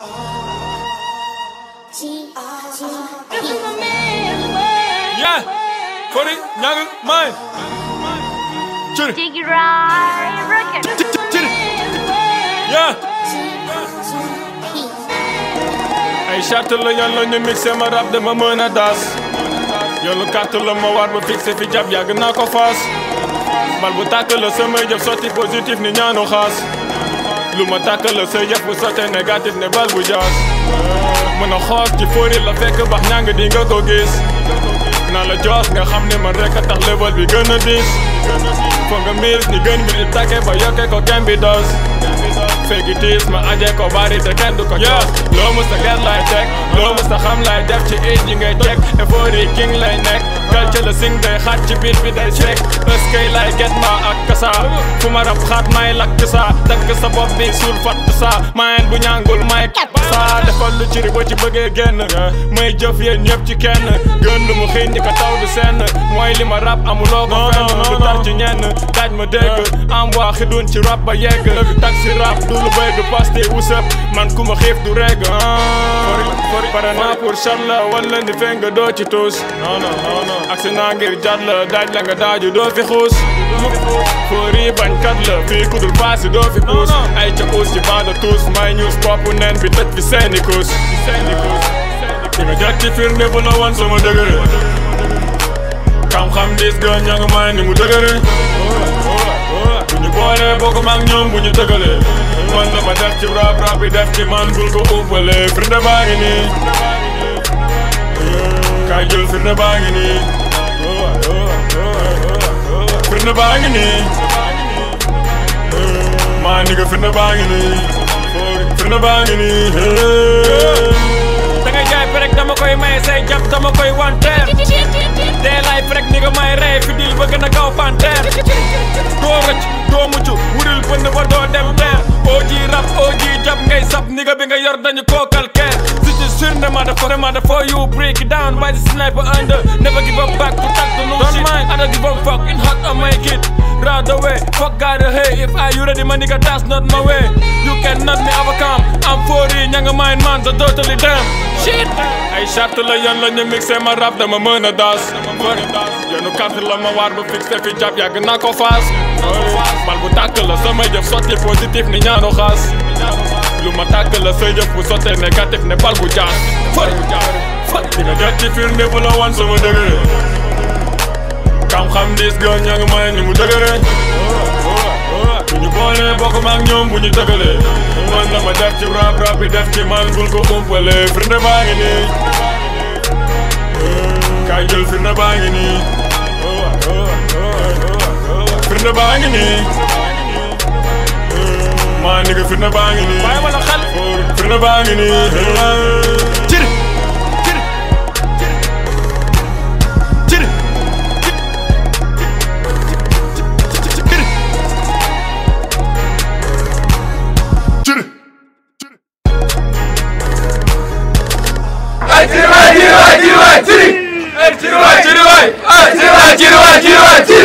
Yeah, for the young man. Jiggy right, Yeah. Hey, shout to the young man, mix him rap the woman at us. look at the lama, what we fix if you jab, you're gonna go fast. Malbutak, the summer, you've sorted positive, Ninyano has. lu ma tàkkal la sa yëf bu sottee négatif ne bal bu jaas mën a xoos ci fóori la fekk baax ñàng di nga ko na la joos nga xam ne ma rek a tax level bi gën a diis foo nga miis ni gën mi di ba yokkee ko kenn bi dos fekki tiis ma aje ko bari te kenn du ko jox loo mës a ger lay teg loo mës a xam lay def ci iit yi ngay teg effort king lay nekk kalca la sing day xaat ci biir bi day sek ëskay lay get ma ak kasa fu ma may lakk sa dakk sa ci riba ci bëggee génn may jëf yéen ñëpp ci kenn gën mu xiin di ko du senn mooy li ma rab amuloo ko fenn lu tar ci ñenn laaj ma dégg am waa ci rap ba yegg taxi rap du lu béy du paste usëp man xiif du regg ah. pare naa pour cat la wala ni fey nga doo aksi naa ngir jat la daaj la nga xuus fóori bañkat la fii ku dul paasi doo fi ay ca uus ci baada tuus may ñuus poppu bi tëj fi seeni kuus di nga jot ci firnde bu la wan sama this gun yang man ni mutegele Bunyi bole boko mang nyom bunyi tegele Man la badak ci rap rap def eh, eh, eh. man nigga yor dañu koo calquer si ci surne ma dafa ma dafa you break it down by the sniper under never give up back protect the no shit I don't give up fuck in hot I make it right away fuck God, to hey if I you ready my nigga that's not my way you cannot me overcome I'm 40 younger mind man so totally damn shit I ay chart la yan la mix mixé ma rap dama mën a daas yenu carte la ma war ba fixé fi jàpp yàgg naa ko faas bal bu tàkk la sama jëf sotti positif ni ñaanu la say jëf bu sottee ne katif ne bal bu jaar fër bu jaar fir ne bula wan sama dëgëre xam-xam diis ga ña ngi may ni mu dëgëre bu ñu boolee bu ñu man dama def ci rap rap def ci man gul ko umpale eh, firnde baa ngi ni kaay mm, jël firnde baa ngi nii firnde baa ngi ni maa mm, nigga firnde baa ngi nii bàyyi ma in the bag in the Get it! Get away! Get away! Get away! Get away! Get away! Get away!